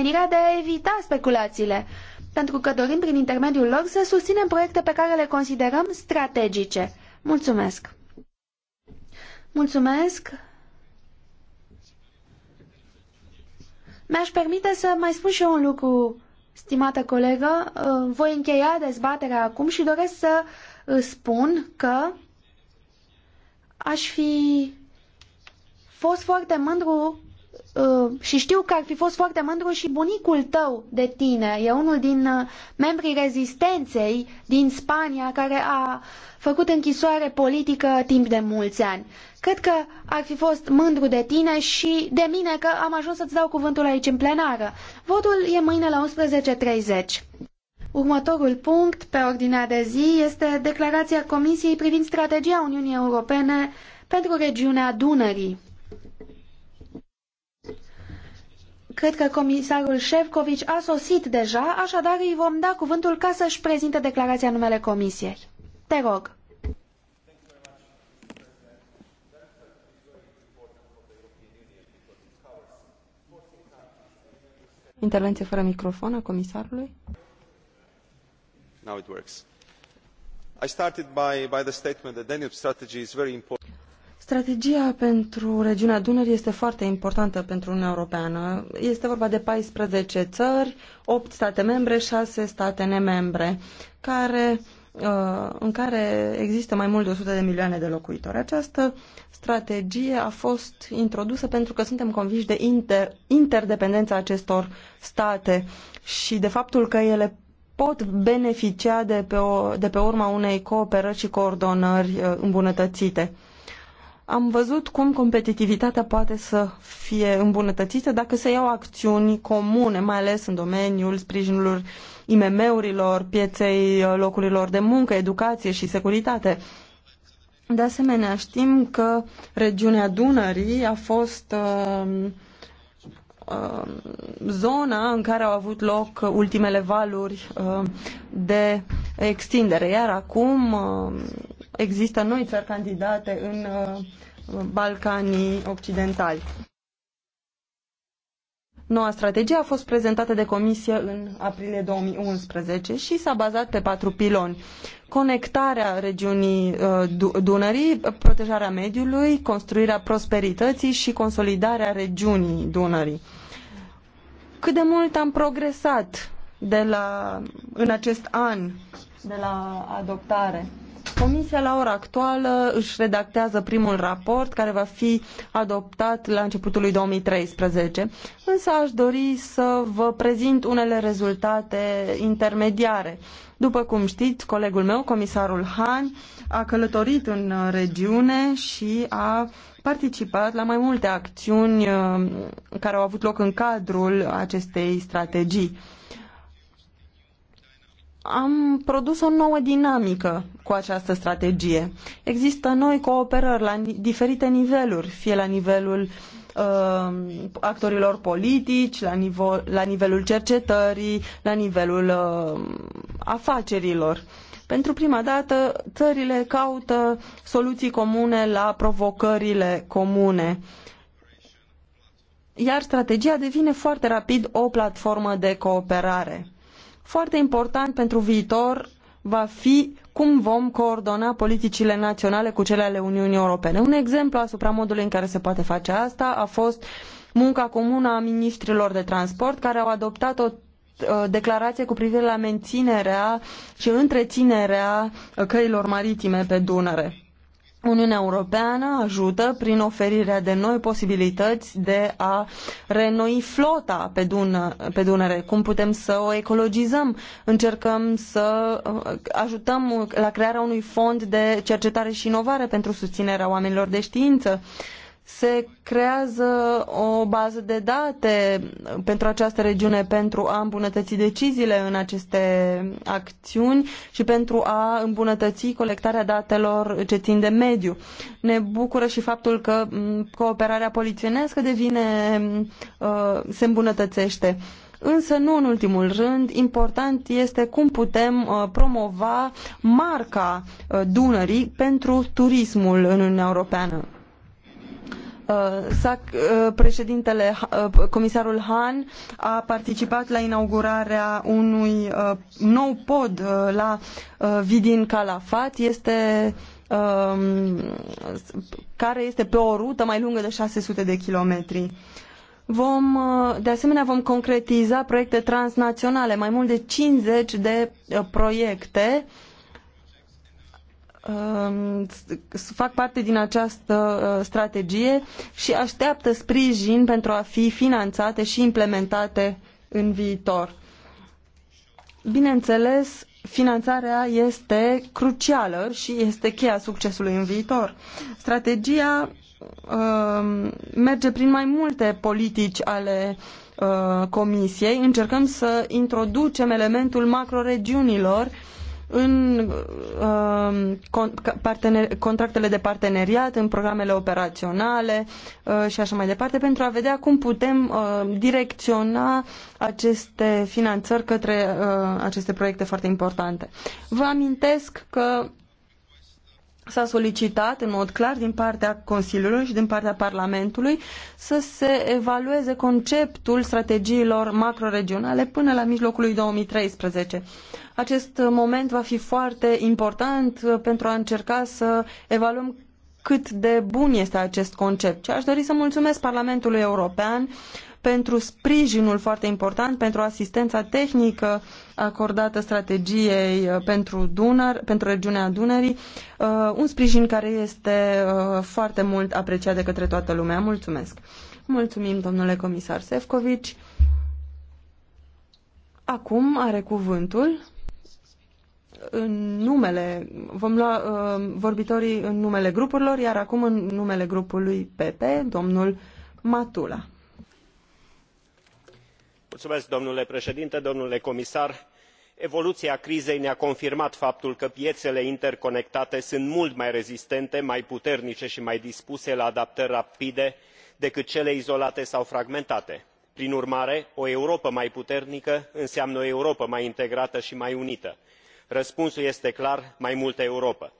menirea de a evita speculațiile, pentru că dorim prin intermediul lor să susținem proiecte pe care le considerăm strategice. Mulțumesc! Mulțumesc! Mi-aș permite să mai spun și eu un lucru, stimată colegă. Uh, voi încheia dezbaterea acum și doresc să uh, spun că aș fi fost foarte mândru Uh, și știu că ar fi fost foarte mândru și bunicul tău de tine. E unul din uh, membrii rezistenței din Spania care a făcut închisoare politică timp de mulți ani. Cred că ar fi fost mândru de tine și de mine că am ajuns să-ți dau cuvântul aici în plenară. Votul e mâine la 11.30. Următorul punct pe ordinea de zi este declarația Comisiei privind strategia Uniunii Europene pentru regiunea Dunării. Cred că comisarul Șefcovici a sosit deja, așadar îi vom da cuvântul ca să-și prezinte declarația numele comisiei. Te rog. Intervenție fără microfon a comisarului. Now it works. I started by, by the statement that Danube strategy is very important. Strategia pentru regiunea Dunării este foarte importantă pentru Uniunea Europeană. Este vorba de 14 țări, 8 state membre, 6 state nemembre, care, uh, în care există mai mult de 100 de milioane de locuitori. Această strategie a fost introdusă pentru că suntem conviși de inter, interdependența acestor state și de faptul că ele pot beneficia de pe, o, de pe urma unei cooperări și coordonări uh, îmbunătățite am văzut cum competitivitatea poate să fie îmbunătățită dacă se iau acțiuni comune, mai ales în domeniul sprijinului IMM-urilor, pieței uh, locurilor de muncă, educație și securitate. De asemenea, știm că regiunea Dunării a fost uh, uh, zona în care au avut loc ultimele valuri uh, de extindere, iar acum um, există noi țări candidate în uh, Balcanii Occidentali. Noua strategie a fost prezentată de comisie în aprilie 2011 și s-a bazat pe patru piloni. Conectarea regiunii uh, Dunării, protejarea mediului, construirea prosperității și consolidarea regiunii Dunării. Cât de mult am progresat de la, în acest an de la adoptare? Comisia la ora actuală își redactează primul raport care va fi adoptat la începutul lui 2013, însă aș dori să vă prezint unele rezultate intermediare. După cum știți, colegul meu, comisarul Han, a călătorit în uh, regiune și a participat la mai multe acțiuni uh, care au avut loc în cadrul acestei strategii am produs o nouă dinamică cu această strategie. Există noi cooperări la diferite niveluri, fie la nivelul uh, actorilor politici, la, nivo- la nivelul cercetării, la nivelul uh, afacerilor. Pentru prima dată, țările caută soluții comune la provocările comune. Iar strategia devine foarte rapid o platformă de cooperare foarte important pentru viitor va fi cum vom coordona politicile naționale cu cele ale Uniunii Europene. Un exemplu asupra modului în care se poate face asta a fost munca comună a ministrilor de transport care au adoptat o uh, declarație cu privire la menținerea și întreținerea căilor maritime pe Dunăre. Uniunea Europeană ajută prin oferirea de noi posibilități de a renoi flota pe, Dună, pe Dunăre. Cum putem să o ecologizăm? Încercăm să uh, ajutăm la crearea unui fond de cercetare și inovare pentru susținerea oamenilor de știință. Uh, se creează o bază de date pentru această regiune pentru a îmbunătăți deciziile în aceste acțiuni și pentru a îmbunătăți colectarea datelor ce țin de mediu. Ne bucură și faptul că cooperarea polițienească devine, uh, se îmbunătățește. Însă, nu în ultimul rând, important este cum putem uh, promova marca uh, Dunării pentru turismul în Uniunea Europeană Uh, uh, președintele, uh, comisarul Han a participat la inaugurarea unui nou pod la Vidin Calafat. Este um, care este pe o rută mai lungă de 600 de kilometri. Vom, de asemenea, vom concretiza proiecte transnaționale, mai mult de 50 de proiecte uh, Um, fac parte din această uh, strategie și așteaptă sprijin pentru a fi finanțate și implementate în viitor. Bineînțeles, finanțarea este crucială și este cheia succesului în viitor. Strategia um, merge prin mai multe politici ale uh, Comisiei. Încercăm să introducem elementul macroregiunilor uh, în um, contractele de parteneriat, în programele operaționale uh, și așa mai departe, pentru a vedea cum putem uh, direcționa aceste finanțări către uh, aceste proiecte foarte importante. Vă amintesc că s-a solicitat în mod clar din partea Consiliului și din partea Parlamentului să se evalueze conceptul strategiilor macroregionale până la mijlocul lui 2013. Acest moment va fi foarte important pentru a încerca să evaluăm cât de bun este acest concept. Și aș dori să mulțumesc Parlamentului European pentru sprijinul foarte important, pentru asistența tehnică acordată strategiei uh, pentru, Dunăr, pentru regiunea Dunării, uh, un sprijin care este uh, foarte mult apreciat de către toată lumea. Mulțumesc! Mulțumim, domnule comisar Sefcovici. Acum are cuvântul în numele, vom lua uh, vorbitorii în numele grupurilor, iar acum în numele grupului PP, domnul Matula evoluia crizei ne a confirmat faptul că pieele interconectate sunt mult mai rezistente mai puternice i mai dispuse la adaptări rapide decât cele izolate sau fragmentate. prin urmare o europă mai puternică înseamnă o europă mai integrată i mai unită. răspunsul este clar mai multă europă.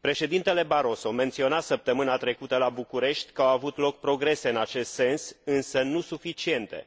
preedintele barroso meniona săptămâna trecută la bucureti că au avut loc progrese în acest sens însă nu suficiente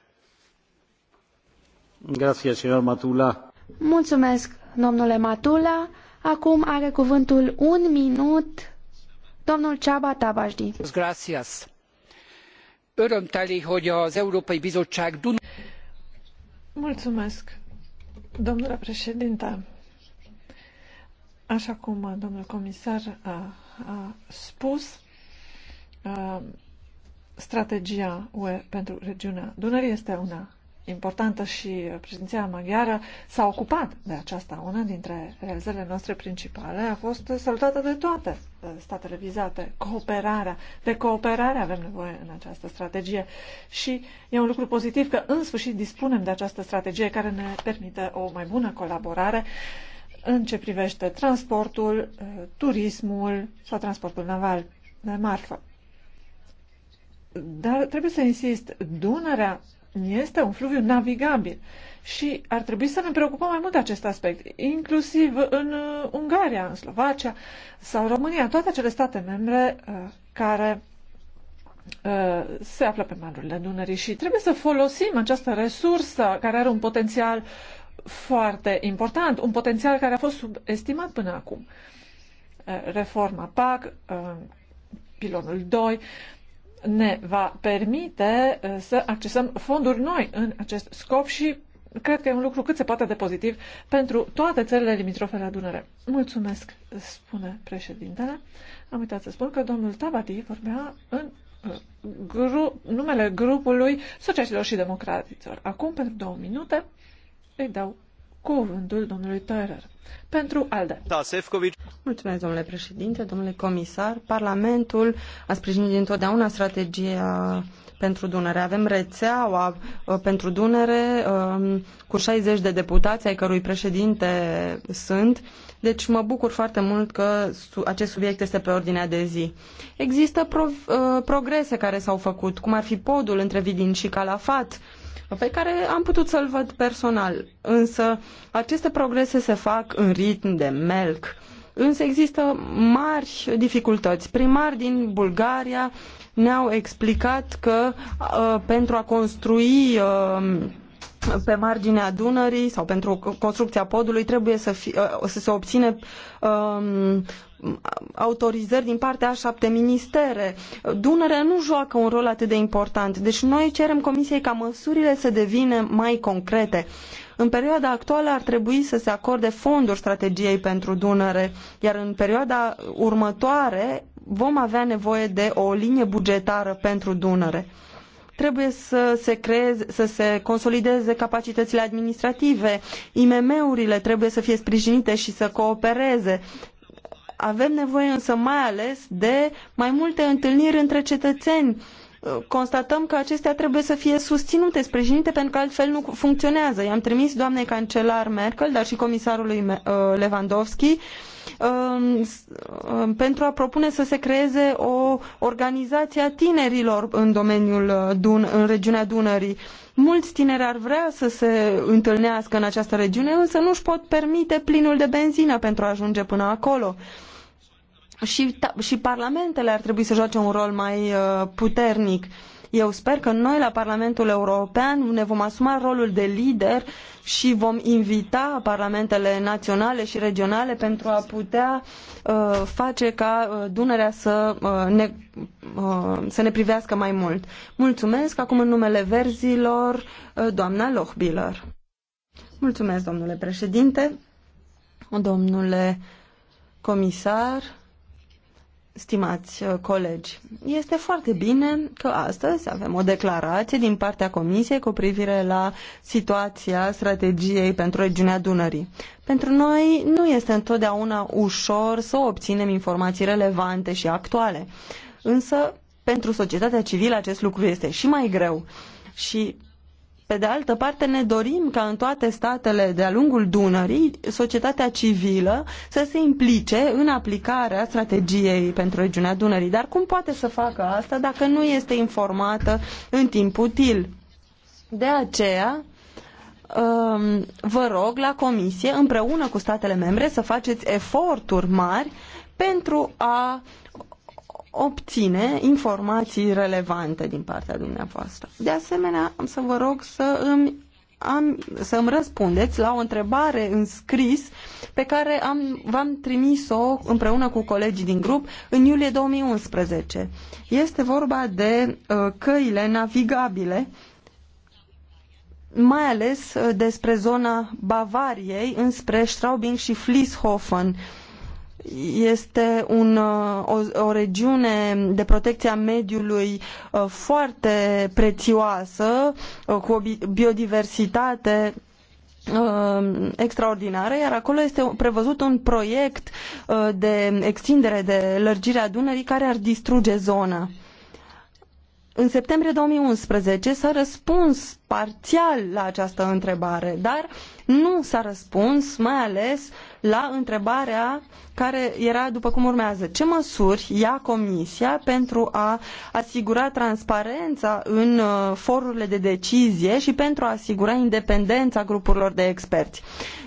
Mulțumesc, domnule Matula. Acum are cuvântul un minut domnul Ceaba Tabajdi. Gracias. Örömteli, hogy az Európai Bizottság Dun- Mulțumesc, domnule președinte. Așa cum domnul comisar a, a spus, a, strategia UE pentru regiunea Dunării este una importantă și președinția maghiară s-a ocupat de aceasta. Una dintre realizările noastre principale a fost salutată de toate uh, statele vizate. Cooperarea. De cooperare avem nevoie în această strategie și e un lucru pozitiv că în sfârșit dispunem de această strategie care ne permite o mai bună colaborare în ce privește transportul, uh, turismul sau transportul naval de marfă. Dar trebuie să insist, Dunărea este un fluviu navigabil și ar trebui să ne preocupăm mai mult de acest aspect, inclusiv în uh, Ungaria, în Slovacia sau România, toate acele state membre uh, care uh, se află pe marurile Dunării și trebuie să folosim această resursă care are un potențial foarte important, un potențial care a fost subestimat până acum. Reforma PAC, pilonul 2, ne va permite uh, să accesăm fonduri noi în acest scop și cred că e un lucru cât se poate de pozitiv pentru toate țările limitrofe la Dunăre. Mulțumesc, spune președintele. Am uitat să spun că domnul Tabati vorbea în uh, gru- numele grupului Sociaștilor și Democraților. Acum, pentru două minute, îi dau cuvântul domnului Teurer. Pentru ALDE. Da, Sefcovic. Mulțumesc, domnule președinte, domnule comisar. Parlamentul a sprijinit întotdeauna strategia pentru Dunăre. Avem rețeaua uh, pentru Dunăre um, cu 60 de deputați ai cărui președinte sunt. Deci mă bucur foarte mult că acest subiect este pe ordinea de zi. Există pro uh, progrese care s-au făcut, cum ar fi podul între Vidin și Calafat, pe care am putut să-l văd personal. Însă aceste progrese se fac în ritm de melc. Însă există mari dificultăți. Primari din Bulgaria ne-au explicat că uh, pentru a construi uh, pe marginea Dunării sau pentru construcția podului trebuie să, fi, uh, să se obține uh, autorizări din partea a șapte ministere. Dunărea nu joacă un rol atât de important. Deci noi cerem Comisiei ca măsurile să devină mai concrete. În perioada actuală ar trebui să se acorde fonduri strategiei pentru Dunăre, iar în perioada următoare vom avea nevoie de o linie bugetară pentru Dunăre trebuie să se creeze, să se consolideze capacitățile administrative, IMM-urile trebuie să fie sprijinite și să coopereze, avem nevoie însă mai ales de mai multe întâlniri între cetățeni. Constatăm că acestea trebuie să fie susținute, sprijinite, pentru că altfel nu funcționează. I-am trimis doamnei cancelar Merkel, dar și comisarului uh, Lewandowski, um, um, pentru a propune să se creeze o organizație a tinerilor în domeniul uh, Dun, în regiunea Dunării. Mulți tineri ar vrea să se întâlnească în această regiune, însă nu își pot permite plinul de benzină pentru a ajunge până acolo și, și parlamentele ar trebui să joace un rol mai uh, puternic. Eu sper că noi la Parlamentul European ne vom asuma rolul de lider și vom invita parlamentele naționale și regionale pentru a putea uh, face ca uh, Dunărea să, uh, ne, uh, să ne privească mai mult. Mulțumesc. Acum în numele verzilor, uh, doamna Lochbiller. Mulțumesc, domnule președinte, domnule comisar, stimați uh, colegi. Este foarte bine că astăzi avem o declarație din partea Comisiei cu privire la situația strategiei pentru regiunea Dunării. Pentru noi nu este întotdeauna ușor să obținem informații relevante și actuale, însă pentru societatea civilă acest lucru este și mai greu și pe de altă parte, ne dorim ca în toate statele de-a lungul Dunării, societatea civilă să se implice în aplicarea strategiei pentru regiunea Dunării. Dar cum poate să facă asta dacă nu este informată în timp util? De aceea, um, vă rog la Comisie, împreună cu statele membre, să faceți eforturi mari pentru a obține informații relevante din partea dumneavoastră. De asemenea, am să vă rog să îmi am, să îmi răspundeți la o întrebare în scris pe care am, v-am trimis-o împreună cu colegii din grup în iulie 2011. Este vorba de uh, căile navigabile, mai ales uh, despre zona Bavariei înspre Straubing și Flieshofen. Uh, este un, o, o, regiune de protecție a mediului uh, foarte prețioasă, uh, cu o biodiversitate uh, extraordinară, iar acolo este prevăzut un proiect de extindere, de lărgire a Dunării care ar distruge zona. În septembrie 2011 s-a răspuns parțial la această întrebare, dar nu s-a răspuns mai ales uh, la întrebarea care era după cum urmează. Ce măsuri ia Comisia pentru a asigura transparența în uh, forurile de decizie și pentru a asigura independența grupurilor de experți?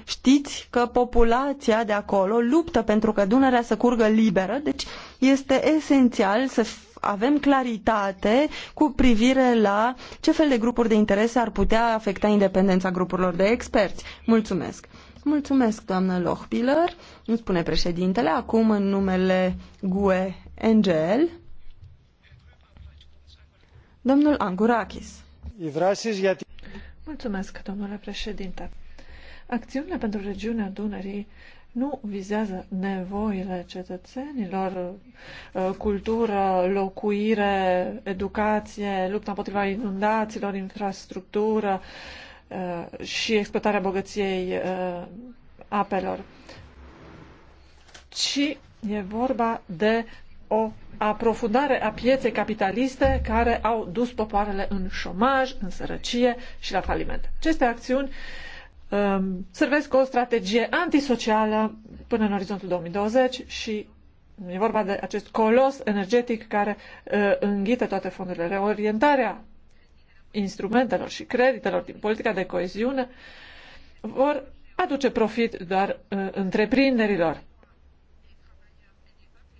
Știți că populația de acolo luptă pentru că Dunărea să curgă liberă, deci este esențial să avem claritate cu privire la ce fel de grupuri de interese ar putea afecta independența grupurilor de experți. Mulțumesc! Mulțumesc, doamnă Lochbiller, îmi spune președintele, acum în numele GUE NGL, domnul Angurakis. Mulțumesc, domnule președinte. Acțiunile pentru regiunea Dunării nu vizează nevoile cetățenilor, uh, cultură, locuire, educație, lupta împotriva inundațiilor, infrastructură, Uh, și exploatarea bogăției uh, apelor, ci e vorba de o aprofundare a pieței capitaliste care au dus popoarele în șomaj, în sărăcie și la faliment. Aceste acțiuni um, servesc o strategie antisocială până în orizontul 2020 și e vorba de acest colos energetic care uh, înghite toate fondurile. Reorientarea instrumentelor și creditelor din politica de coeziune vor aduce profit doar uh, întreprinderilor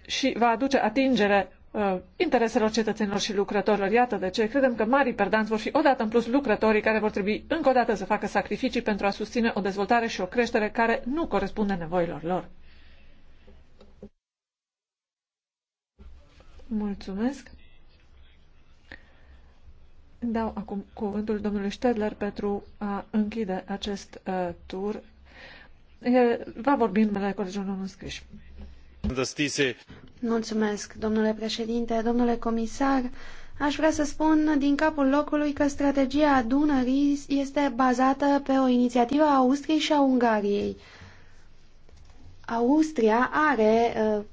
și va aduce atingere uh, intereselor cetățenilor și lucrătorilor. Iată de ce credem că marii perdanți vor fi odată în plus lucrătorii care vor trebui încă o dată să facă sacrificii pentru a susține o dezvoltare și o creștere care nu corespunde nevoilor lor. Mulțumesc! Dau acum cuvântul domnului Stedler pentru a închide acest uh, tur. El va vorbi în numele colegiului domnului Scriș. Mulțumesc, domnule președinte, domnule comisar. Aș vrea să spun din capul locului că strategia Dunării este bazată pe o inițiativă a Austriei și a Ungariei. Austria are uh,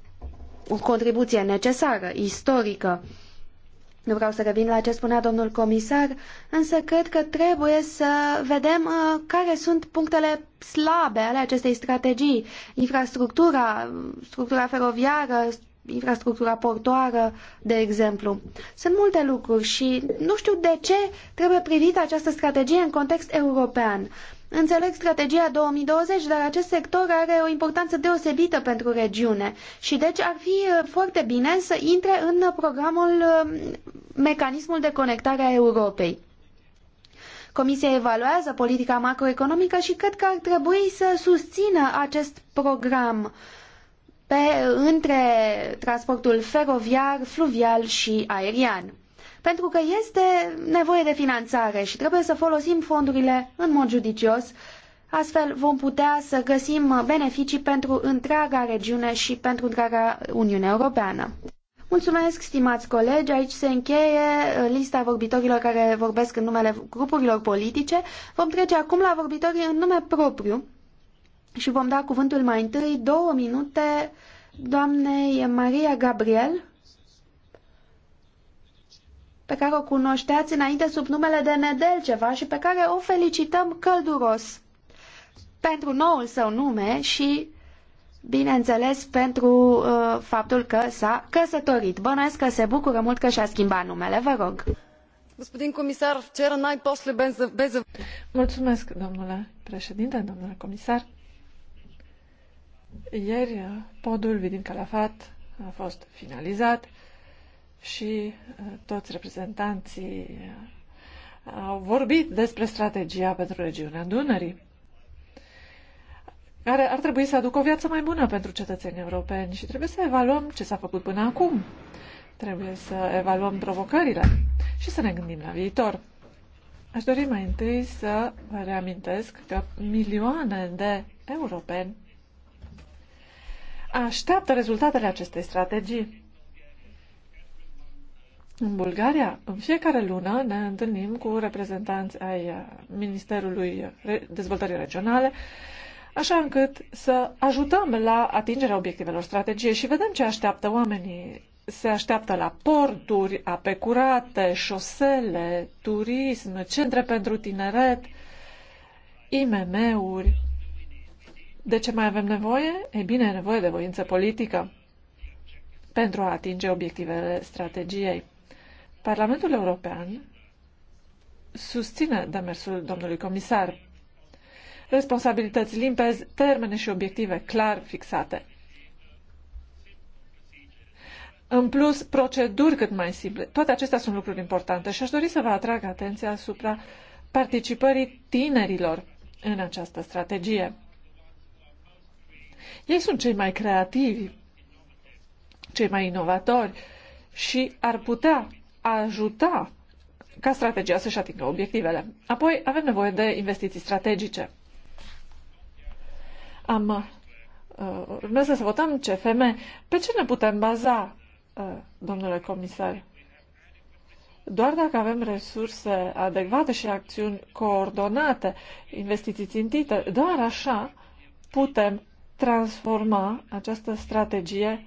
o contribuție necesară, istorică. Nu vreau să revin la ce spunea domnul comisar, însă cred că trebuie să vedem uh, care sunt punctele slabe ale acestei strategii. Infrastructura, structura feroviară, infrastructura portoară, de exemplu. Sunt multe lucruri și nu știu de ce trebuie privită această strategie în context european. Înțeleg strategia 2020, dar acest sector are o importanță deosebită pentru regiune și deci ar fi uh, foarte bine să intre în programul uh, mecanismul de conectare a Europei. Comisia evaluează politica macroeconomică și cred că ar trebui să susțină acest program pe, între transportul feroviar, fluvial și aerian pentru că este nevoie de finanțare și trebuie să folosim fondurile în mod judicios. Astfel vom putea să găsim beneficii pentru întreaga regiune și pentru întreaga Uniune Europeană. Mulțumesc, stimați colegi, aici se încheie lista vorbitorilor care vorbesc în numele grupurilor politice. Vom trece acum la vorbitorii în nume propriu și vom da cuvântul mai întâi două minute doamnei Maria Gabriel pe care o cunoșteați înainte sub numele de Nedelceva și pe care o felicităm călduros pentru noul său nume și, bineînțeles, pentru uh, faptul că s-a căsătorit. Bănuiesc că se bucură mult că și-a schimbat numele. Vă rog. Господин комисар, вчера най-после без... Mulțumesc, domnule președinte, domnule comisar. Ieri uh, podul Vidin Calafat a fost finalizat și uh, toți reprezentanții uh, au vorbit despre strategia pentru regiunea Dunării, care ar trebui să aducă o viață mai bună pentru cetățenii europeni și trebuie să evaluăm ce s-a făcut până acum. Trebuie să evaluăm provocările și să ne gândim la viitor. Aș dori mai întâi să vă reamintesc că milioane de europeni așteaptă rezultatele acestei strategii în Bulgaria, în fiecare lună ne întâlnim cu reprezentanți ai uh, Ministerului Dezvoltării Regionale, așa încât să ajutăm la atingerea obiectivelor strategiei și vedem ce așteaptă oamenii. Se așteaptă la porturi, ape curate, șosele, turism, centre pentru tineret, IMM-uri. De ce mai avem nevoie? E bine, e nevoie de voință politică pentru a atinge obiectivele strategiei. Parlamentul European susține demersul domnului comisar. Responsabilități limpezi, termene și obiective clar fixate. În plus, proceduri cât mai simple. Toate acestea sunt lucruri importante și aș dori să vă atrag atenția asupra participării tinerilor în această strategie. Ei sunt cei mai creativi, cei mai inovatori și ar putea ajuta ca strategia să-și atingă obiectivele. Apoi avem nevoie de investiții strategice. Am, uh, urmează să votăm CFM. Pe ce ne putem baza, uh, domnule comisar? Doar dacă avem resurse adecvate și acțiuni coordonate, investiții țintite, doar așa putem transforma această strategie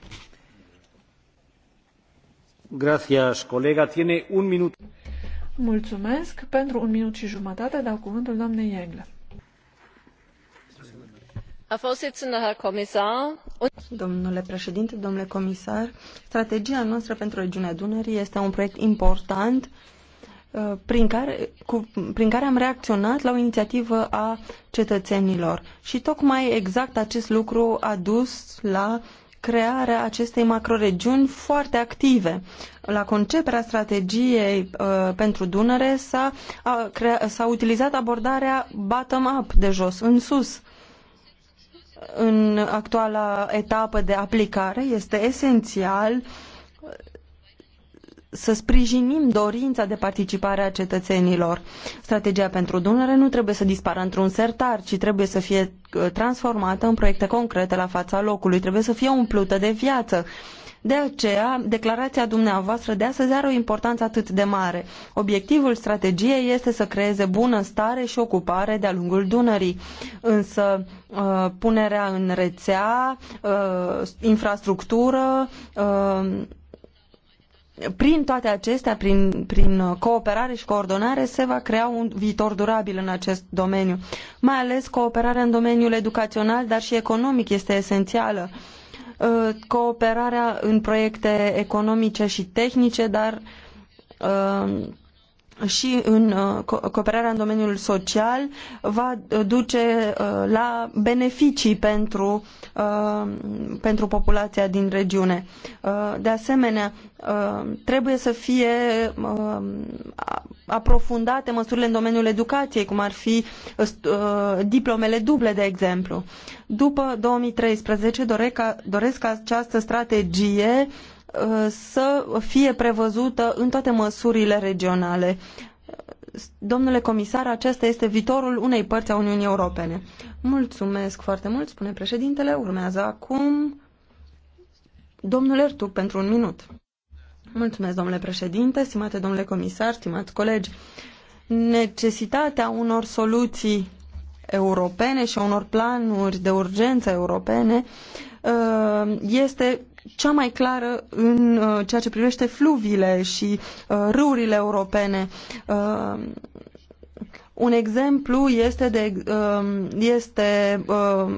Mulțumesc. Pentru un minut și jumătate dau cuvântul doamnei Engle. Domnule președinte, domnule comisar, strategia noastră pentru regiunea Dunării este un proiect important uh, prin care, cu, prin care am reacționat la o inițiativă a cetățenilor. Și tocmai exact acest lucru a dus la crearea acestei macroregiuni foarte active. La conceperea strategiei uh, pentru Dunăre s-a, s-a utilizat abordarea bottom-up, de jos în sus. În actuala etapă de aplicare este esențial uh, să sprijinim dorința de participare a cetățenilor. Strategia pentru Dunăre nu trebuie să dispară într-un sertar, ci trebuie să fie uh, transformată în proiecte concrete la fața locului, trebuie să fie umplută de viață. De aceea, declarația dumneavoastră de astăzi are o importanță atât de mare. Obiectivul strategiei este să creeze bunăstare și ocupare de-a lungul Dunării, însă uh, punerea în rețea, uh, infrastructură, prin toate acestea, prin, prin uh, cooperare și coordonare, se va crea un viitor durabil în acest domeniu. Mai ales cooperarea în domeniul educațional, dar și economic este esențială. Uh, cooperarea în proiecte economice și tehnice, dar uh, și în uh, cooperarea în domeniul social va uh, duce uh, la beneficii pentru, pentru populația din regiune. De asemenea, trebuie să fie aprofundate măsurile în domeniul educației, cum ar fi diplomele duble, de exemplu. După 2013 doresc doresc ca această strategie să fie prevăzută în toate măsurile regionale. Domnule comisar, acesta este viitorul unei părți a Uniunii Europene. Mulțumesc foarte mult, spune președintele. Urmează acum domnul Ertug pentru un minut. Mulțumesc, domnule președinte, stimate domnule comisar, stimați colegi. Necesitatea unor soluții europene și a unor planuri de urgență europene uh, este cea mai clară în uh, ceea ce privește fluviile și uh, râurile europene. Uh, un exemplu este, de, este,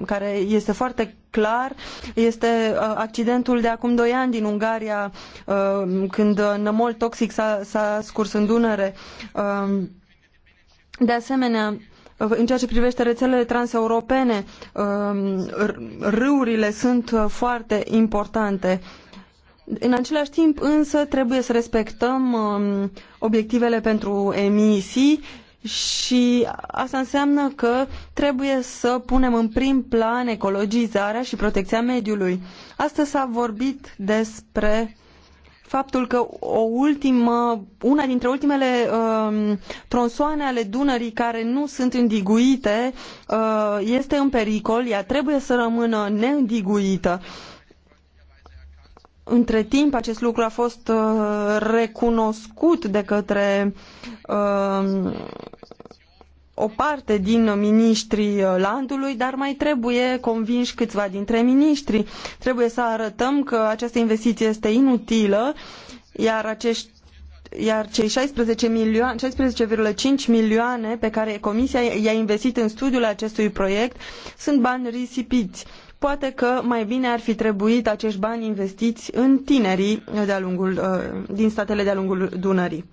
care este foarte clar este accidentul de acum doi ani din Ungaria când nămol toxic s-a scurs în Dunăre. De asemenea, în ceea ce privește rețelele transeuropene, um, râurile sunt uh, foarte importante. În același timp, însă, trebuie să respectăm um, obiectivele pentru emisii și asta înseamnă că trebuie să punem în prim plan ecologizarea și protecția mediului. Astăzi s-a vorbit despre faptul că o ultimă, una dintre ultimele uh, tronsoane ale Dunării care nu sunt îndiguite uh, este în pericol, ea trebuie să rămână neîndiguită. Între timp, acest lucru a fost uh, recunoscut de către uh, o parte din miniștrii uh, landului, dar mai trebuie convinși câțiva dintre miniștri. Trebuie să arătăm că această investiție este inutilă, iar acești iar cei 16 milioane, 16,5 milioane pe care Comisia i-a investit în studiul acestui proiect sunt bani risipiți. Poate că mai bine ar fi trebuit acești bani investiți în tinerii de-a lungul, uh, din statele de-a lungul Dunării.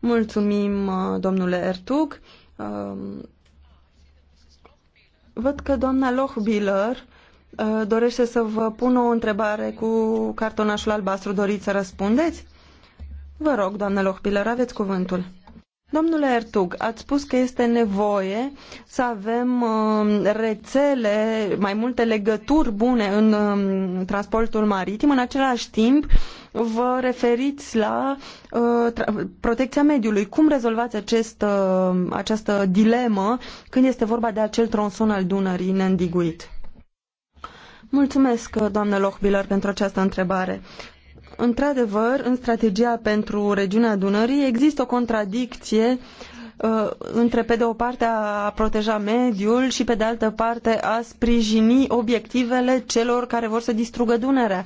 Mulțumim, uh, domnule Ertug. Um, văd că doamna Lochbiller uh, dorește să vă pun o întrebare cu cartonașul albastru. Doriți să răspundeți? Vă rog, doamna Lochbiller, aveți cuvântul. Domnule Ertug, ați spus că este nevoie să avem um, rețele, mai multe legături bune în um, transportul maritim. În același timp, vă referiți la uh, protecția mediului. Cum rezolvați acest, uh, această dilemă când este vorba de acel tronson al Dunării neîndiguit? Mulțumesc, doamnă Lochbiller, pentru această întrebare. Într-adevăr, în strategia pentru regiunea Dunării există o contradicție uh, Uh, între pe de o parte a proteja mediul și pe de altă parte a sprijini obiectivele celor care vor să distrugă Dunărea.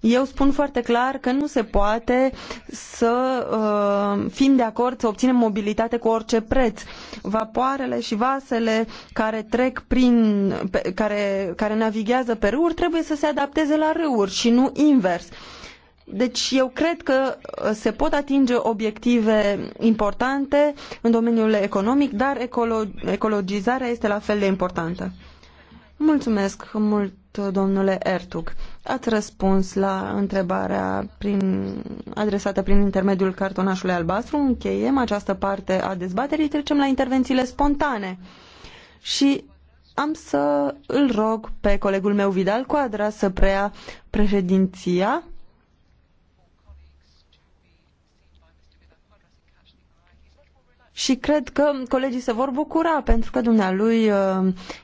Eu spun foarte clar că nu se poate să uh, fim de acord să obținem mobilitate cu orice preț. Vapoarele și vasele care trec prin, pe, care, care navighează pe râuri trebuie să se adapteze la râuri și nu invers. Uh, deci eu cred că uh, se pot atinge obiective importante în domeniul economic, dar ecologizarea este la fel de importantă. Mulțumesc mult, domnule Ertug. Ați răspuns la întrebarea prin, adresată prin intermediul cartonașului albastru. Încheiem această parte a dezbaterii. Trecem la intervențiile spontane. Și am să îl rog pe colegul meu Vidal Coadra să preia președinția și cred că colegii se vor bucura pentru că dumnealui uh,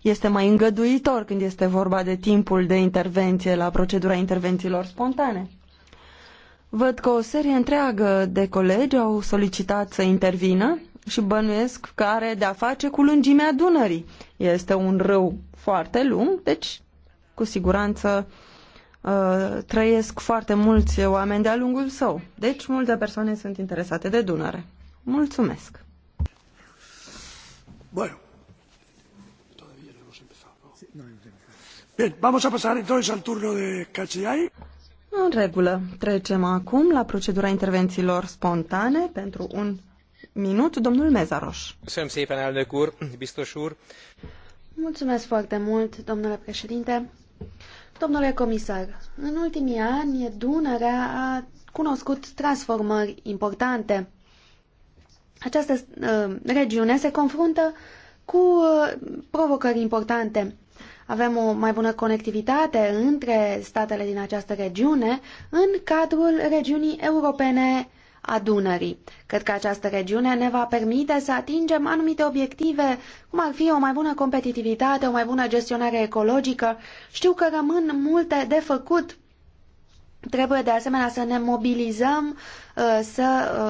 este mai îngăduitor când este vorba de timpul de intervenție la procedura intervențiilor spontane. Văd că o serie întreagă de colegi au solicitat să intervină și bănuiesc că are de-a face cu lungimea Dunării. Este un râu foarte lung, deci cu siguranță uh, trăiesc foarte mulți oameni de-a lungul său. Deci multe persoane sunt interesate de Dunăre. Mulțumesc! Bueno, todavía no hemos empezado, ¿no? Sí, no, Bien, vamos a pasar entonces al turno de Cachiay. În regulă. Trecem acum la procedura intervențiilor spontane pentru un minut. Domnul Mezaroș. Mulțumesc foarte mult, domnule președinte. Domnule comisar, în ultimii ani, Dunărea a cunoscut transformări importante. Această uh, regiune se confruntă cu uh, provocări importante. Avem o mai bună conectivitate între statele din această regiune în cadrul regiunii europene a Dunării. Cred că această regiune ne va permite să atingem anumite obiective, cum ar fi o mai bună competitivitate, o mai bună gestionare ecologică. Știu că rămân multe de făcut Trebuie de asemenea să ne mobilizăm, uh, să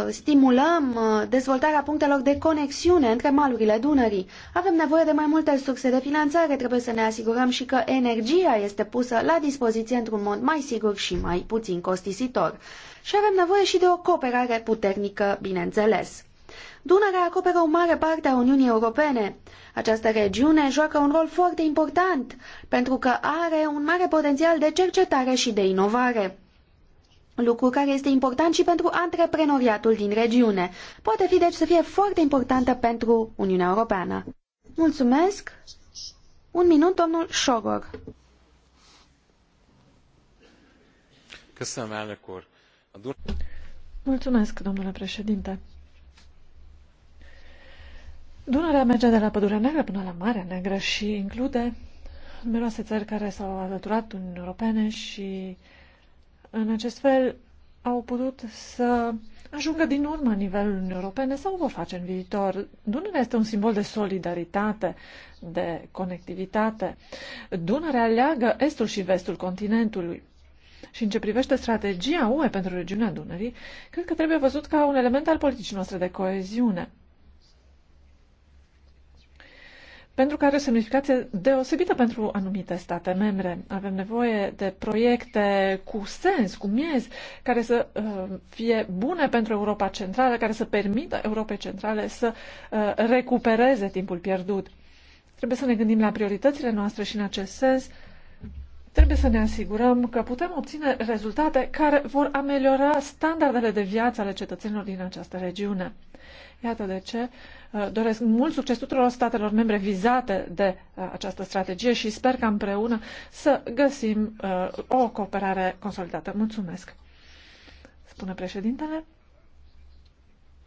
uh, stimulăm uh, dezvoltarea punctelor de conexiune între malurile Dunării. Avem nevoie de mai multe surse de finanțare, trebuie să ne asigurăm și că energia este pusă la dispoziție într-un mod mai sigur și mai puțin costisitor. Și avem nevoie și de o cooperare puternică, bineînțeles. Dunărea acoperă o mare parte a Uniunii Europene. Această regiune joacă un rol foarte important pentru că are un mare potențial de cercetare și de inovare lucru care este important și pentru antreprenoriatul din regiune. Poate fi deci să fie foarte importantă pentru Uniunea Europeană. Mulțumesc! Un minut, domnul Șogor. Mulțumesc, domnule președinte. Dunărea merge de la Pădurea Neagră până la Marea Neagră și include numeroase țări care s-au alăturat în Europene și uh, în acest fel au putut să ajungă din urmă nivelul Uniunii Europene sau vor face în viitor. Dunărea este un simbol de solidaritate, de conectivitate. Dunărea leagă estul și vestul continentului. Și în ce privește strategia UE pentru regiunea Dunării, cred că trebuie văzut ca un element al politicii noastre de coeziune. pentru că are o semnificație deosebită pentru anumite state membre. Avem nevoie de proiecte cu sens, cu miez, care să uh, fie bune pentru Europa Centrală, care să permită Europei Centrale să uh, recupereze timpul pierdut. Trebuie să ne gândim la prioritățile noastre și în acest sens trebuie să ne asigurăm că putem obține rezultate care vor ameliora standardele de viață ale cetățenilor din această regiune. Iată de ce uh, doresc mult succes tuturor statelor membre vizate de uh, această strategie și sper că împreună să găsim uh, o cooperare consolidată. Mulțumesc! Spune președintele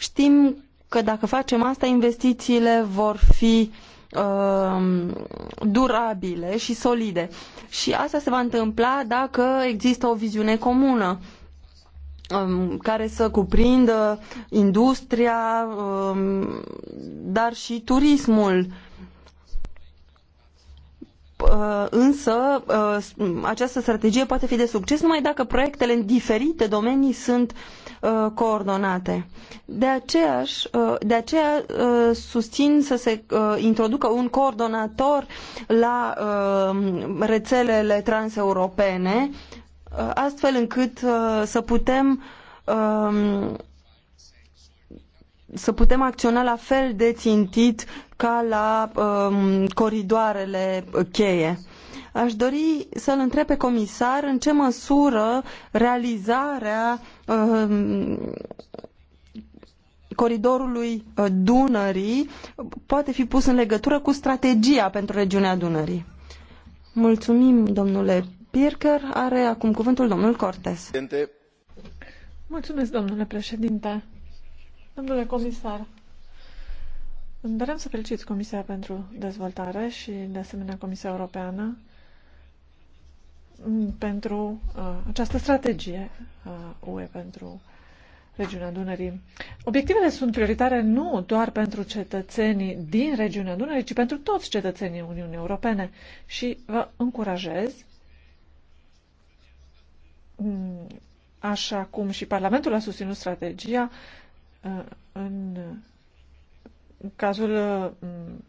Știm că dacă facem asta, investițiile vor fi um, durabile și solide. Și asta se va întâmpla dacă există o viziune comună um, care să cuprindă industria, um, dar și turismul uh, însă uh, această strategie poate fi de succes numai dacă proiectele în diferite domenii sunt Uh, coordonate. De aceea, uh, de aceea uh, susțin să se introducă un coordonator la rețelele transeuropene, astfel încât să putem um, să putem acționa la fel de țintit ca la um, coridoarele cheie. Aș dori să-l întreb pe comisar în ce măsură realizarea uh, coridorului uh, Dunării poate fi pus în legătură cu strategia pentru regiunea Dunării. Mulțumim, domnule Pirker. Are acum cuvântul domnul Cortes. Mulțumesc, domnule președinte. Domnule comisar, îmi dorem să felicit Comisia pentru Dezvoltare și, de asemenea, Comisia Europeană pentru uh, această strategie uh, UE pentru regiunea Dunării. Obiectivele sunt prioritare nu doar pentru cetățenii din regiunea Dunării, ci pentru toți cetățenii Uniunii Europene și vă încurajez mm, așa cum și Parlamentul a susținut strategia uh, în cazul mm,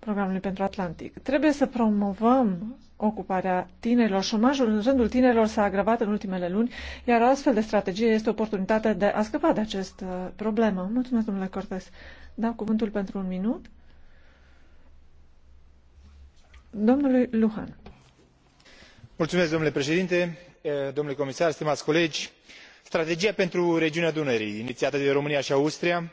programului pentru Atlantic. Trebuie să promovăm ocuparea tinerilor. Șomajul în rândul tinerilor s-a agravat în ultimele luni, iar o astfel de strategie este oportunitatea de a scăpa de această uh, problemă. Mulțumesc, domnule Cortes. Dau cuvântul pentru un minut. Domnului Luhan. Mulțumesc, domnule președinte, eh, domnule comisar, stimați colegi. Strategia pentru regiunea Dunării, inițiată de România și Austria,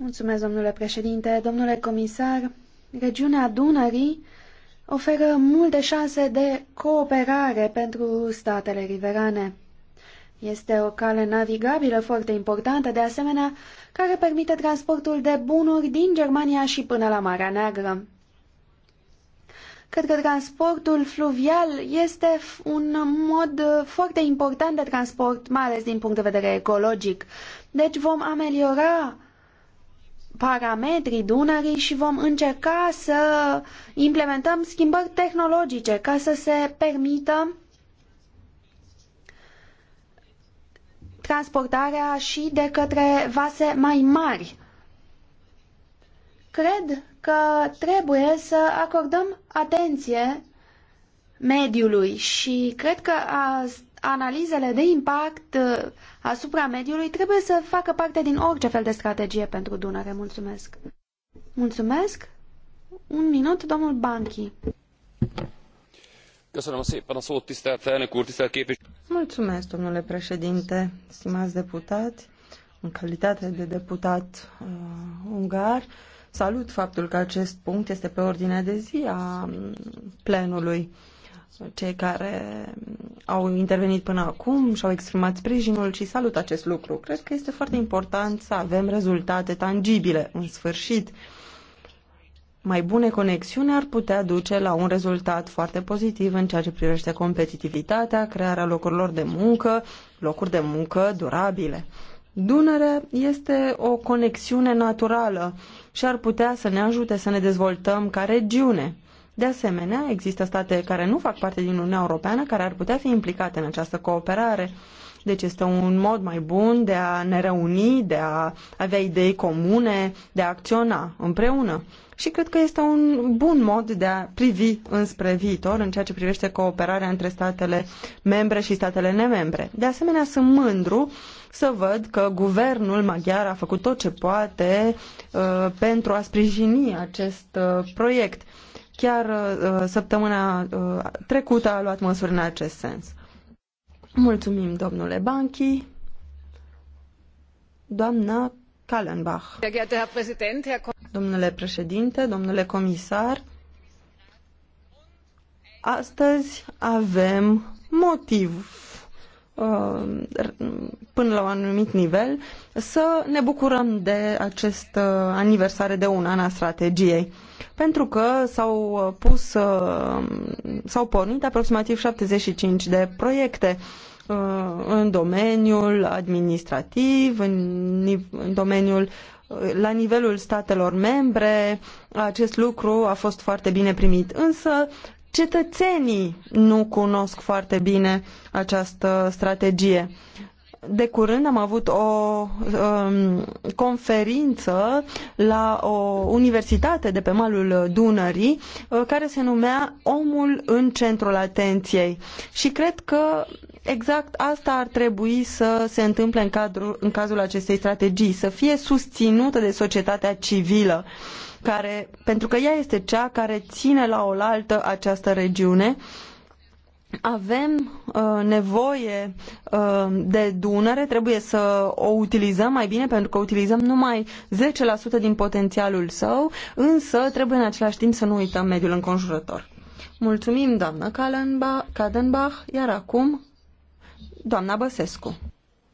Mulțumesc, domnule președinte. Domnule comisar, regiunea Dunării oferă multe șanse de cooperare pentru statele riverane. Este o cale navigabilă foarte importantă, de asemenea, care permite transportul de bunuri din Germania și până la Marea Neagră. Cred că transportul fluvial este un mod foarte important de transport, mai ales din punct de vedere ecologic. Deci vom ameliora parametrii Dunării și vom încerca să implementăm schimbări tehnologice ca să se permită transportarea și de către vase mai mari. Cred că trebuie să acordăm atenție mediului și cred că analizele de impact uh, asupra mediului trebuie să facă parte din orice fel de strategie pentru Dunăre. Mulțumesc! Mulțumesc! Un minut, domnul Banchi. Mulțumesc, domnule președinte, stimați deputați, în calitate de deputat uh, ungar, salut faptul că acest punct este pe ordinea de zi a mm, plenului. Uh, cei care mm, au intervenit până acum și-au exprimat sprijinul și salut acest lucru. Cred că este foarte important să avem rezultate tangibile în sfârșit. Mai bune conexiuni ar putea duce la un rezultat foarte pozitiv în ceea ce privește competitivitatea, crearea locurilor de muncă, locuri de muncă durabile. Dunărea este o conexiune naturală și ar putea să ne ajute să ne dezvoltăm ca regiune de asemenea, există state care nu fac parte din Uniunea Europeană care ar putea fi implicate în această cooperare. Deci este un mod mai bun de a ne reuni, de a avea idei comune, de a acționa împreună. Și cred că este un bun mod de a privi înspre viitor în ceea ce privește cooperarea între statele membre și statele nemembre. De asemenea, sunt mândru să văd că guvernul maghiar a făcut tot ce poate uh, pentru a sprijini acest uh, proiect. Uh, Chiar uh, săptămâna uh, trecută a luat măsuri în acest sens. Mulțumim, domnule Banchi. Doamna Kallenbach. Domnule președinte, domnule comisar, astăzi avem motiv Uh, până la un anumit nivel, să ne bucurăm de acest uh, aniversare de un an a strategiei. Pentru că s-au uh, pus, s-au pornit aproximativ 75 de proiecte în domeniul administrativ, în, domeniul la nivelul statelor membre, acest lucru a fost foarte bine primit. Însă cetățenii nu cunosc foarte bine această strategie. De curând am avut o um, conferință la o universitate de pe malul Dunării uh, care se numea Omul în centrul atenției și cred că exact asta ar trebui să se întâmple în, cadrul, în cazul acestei strategii, să fie susținută de societatea civilă. Uh, care, pentru că ea este cea care ține la oaltă această regiune. Avem uh, nevoie uh, de Dunăre, trebuie să o utilizăm mai bine pentru că utilizăm numai 10% din potențialul său, însă trebuie în același timp să nu uităm mediul înconjurător. Mulțumim, doamnă Kadenbach, iar acum doamna Băsescu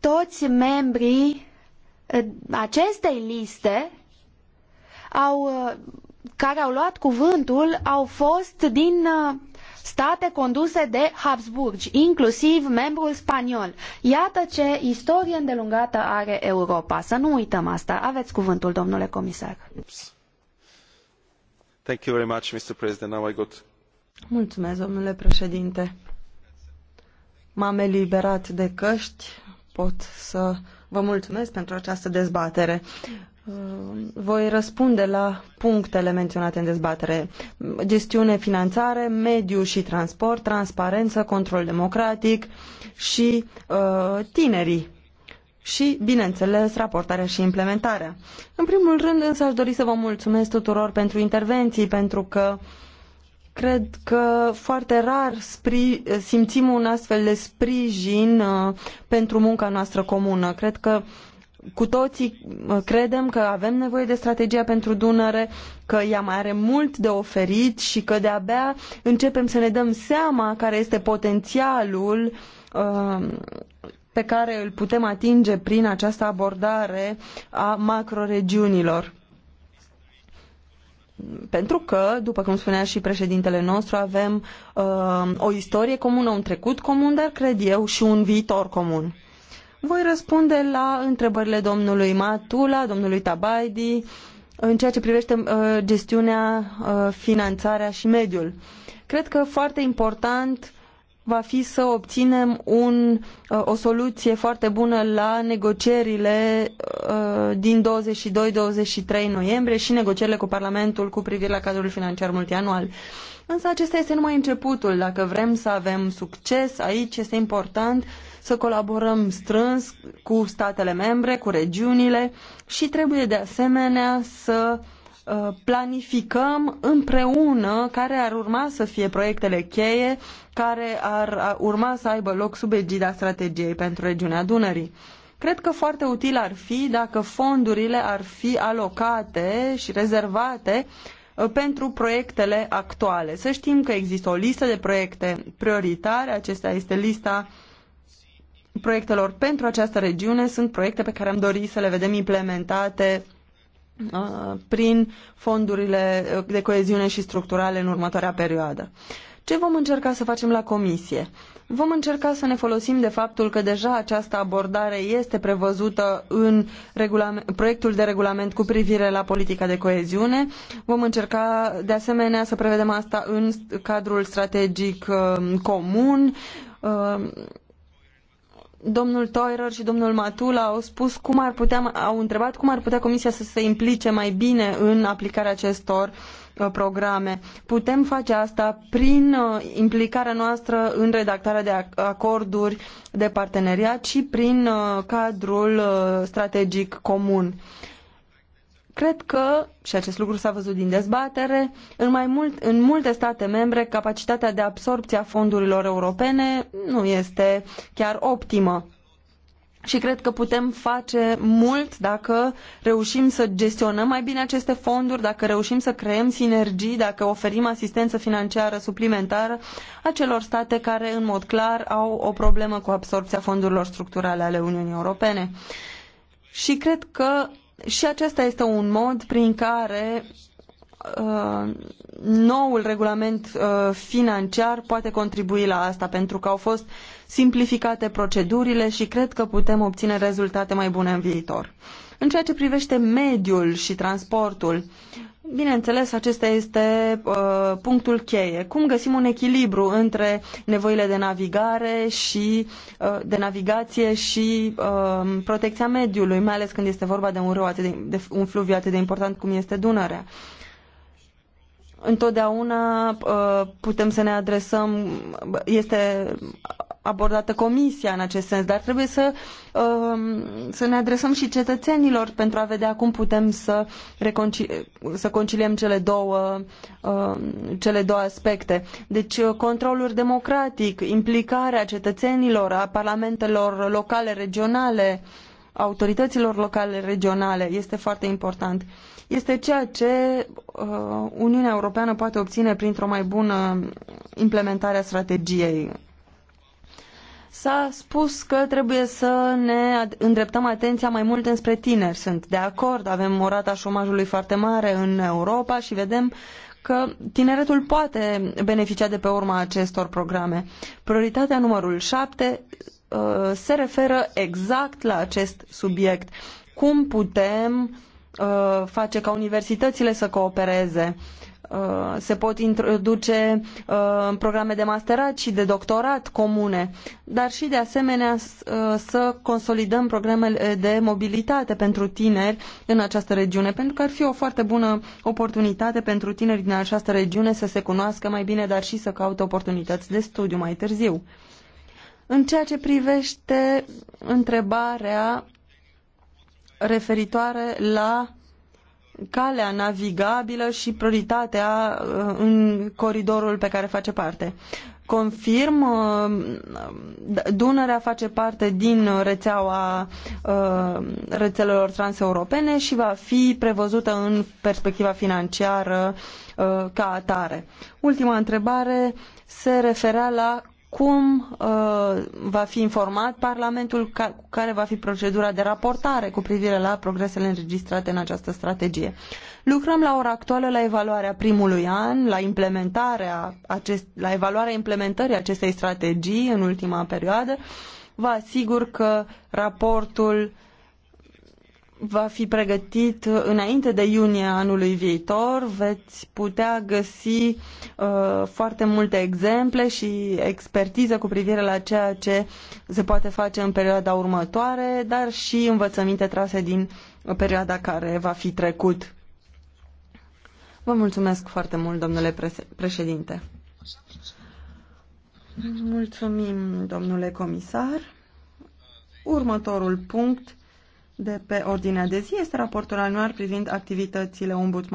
toți membrii eh, acestei liste au, eh, care au luat cuvântul au fost din eh, state conduse de Habsburgi, inclusiv membrul spaniol. Iată ce istorie îndelungată are Europa. Să nu uităm asta. Aveți cuvântul, domnule comisar. Mulțumesc, domnule președinte. M-am eliberat de căști, pot să vă mulțumesc pentru această dezbatere. Uh, voi răspunde la punctele menționate în dezbatere. Gestiune, finanțare, mediu și transport, transparență, control democratic și uh, tinerii și, bineînțeles, raportarea și implementarea. În primul rând, însă, aș dori să vă mulțumesc tuturor pentru intervenții, pentru că uh, Cred că foarte rar simțim un astfel de sprijin uh, pentru munca noastră comună. Cred că cu toții uh, credem că avem nevoie de strategia pentru Dunăre, că ea mai are mult de oferit și că de-abia începem să ne dăm seama care este potențialul uh, pe care îl putem atinge prin această abordare a macroregiunilor pentru că, după cum spunea și președintele nostru, avem uh, o istorie comună, un trecut comun, dar cred eu și un viitor comun. Voi răspunde la întrebările domnului Matula, domnului Tabaidi, în ceea ce privește uh, gestiunea, uh, finanțarea și mediul. Cred că foarte important va fi să obținem un, uh, o soluție foarte bună la negocierile uh, din 22-23 noiembrie și negocierile cu Parlamentul cu privire la cadrul financiar multianual. Însă acesta este numai începutul. Dacă vrem să avem succes aici, este important să colaborăm strâns cu statele membre, cu regiunile și trebuie de asemenea să uh, Uh, planificăm împreună care ar urma să fie proiectele cheie care ar urma să aibă loc sub egida strategiei pentru regiunea Dunării. Cred că foarte util ar fi dacă fondurile ar fi alocate și rezervate uh, pentru proiectele actuale. Să știm că există o listă de proiecte prioritare, acesta este lista proiectelor pentru această regiune, sunt proiecte pe care am dorit să le vedem implementate Uh, prin fondurile uh, de coeziune și structurale în următoarea perioadă. Ce vom încerca să facem la comisie? Vom încerca să ne folosim de faptul că deja această abordare este prevăzută în proiectul de regulament cu privire la politica de coeziune. Vom încerca de asemenea să prevedem asta în cadrul strategic uh, comun domnul Toirer și domnul Matula au spus cum ar putea, au întrebat cum ar putea Comisia să se implice mai bine în aplicarea acestor uh, programe. Putem face asta prin uh, implicarea noastră în redactarea de acorduri de parteneriat și prin uh, cadrul strategic comun. Cred că, și acest lucru s-a văzut din dezbatere, în, mai mult, în multe state membre capacitatea de absorpție a fondurilor europene nu este chiar optimă. Și cred că putem face mult dacă reușim să gestionăm mai bine aceste fonduri, dacă reușim să creăm sinergii, dacă oferim asistență financiară suplimentară acelor state care în mod clar au o problemă cu absorpția fondurilor structurale ale Uniunii Europene. Și cred că și acesta este un mod prin care uh, noul regulament uh, financiar poate contribui la asta, pentru că au fost simplificate procedurile și cred că putem obține rezultate mai bune în viitor. În ceea ce privește mediul și transportul, Bineînțeles, acesta este uh, punctul cheie. Cum găsim un echilibru între nevoile de navigare și uh, de navigație și uh, protecția mediului, mai ales când este vorba de un râu atât de, de un fluviu atât de important cum este Dunărea. Uh, întotdeauna uh, putem să ne adresăm, este abordată comisia în acest sens, dar trebuie să, um, să ne adresăm și cetățenilor pentru a vedea cum putem să, să conciliem cele două, um, cele două aspecte. Deci uh, controlul democratic, implicarea cetățenilor, a parlamentelor locale, regionale, autorităților locale, regionale, este foarte important este ceea ce uh, Uniunea Europeană poate obține printr-o mai bună implementare a strategiei. S-a spus că trebuie să ne îndreptăm atenția mai mult înspre tineri. Sunt de acord, avem o a șomajului foarte mare în Europa și vedem că tineretul poate beneficia de pe urma acestor programe. Prioritatea numărul 7 uh, se referă exact la acest subiect. Cum putem Uh, face ca universitățile să coopereze. Uh, se pot introduce uh, programe de masterat și de doctorat comune, dar și de asemenea să consolidăm programele de mobilitate pentru tineri în această regiune, pentru că ar fi o foarte bună oportunitate pentru tineri din această regiune să se cunoască mai bine, dar și să caute oportunități de studiu mai târziu. În ceea ce privește întrebarea referitoare la calea navigabilă și prioritatea uh, în coridorul pe care face parte. Confirm, uh, Dunărea face parte din rețeaua uh, rețelelor transeuropene și va fi prevăzută în perspectiva financiară ca atare. Ultima întrebare se referea la cum uh, va fi informat Parlamentul, ca, care va fi procedura de raportare cu privire la progresele înregistrate în această strategie. Lucrăm la ora actuală la evaluarea primului an, la, implementarea acest, la evaluarea implementării acestei strategii în ultima perioadă. Vă asigur că raportul uh, va fi pregătit înainte de iunie anului viitor. Veți putea găsi uh, foarte multe exemple și expertiză cu privire la ceea ce se poate face în perioada următoare, dar și învățăminte trase din perioada care va fi trecut. Vă mulțumesc foarte mult, domnule președinte. Mulțumim, domnule comisar. Următorul punct de pe ordinea de zi este raportul anual privind activitățile ombudsman.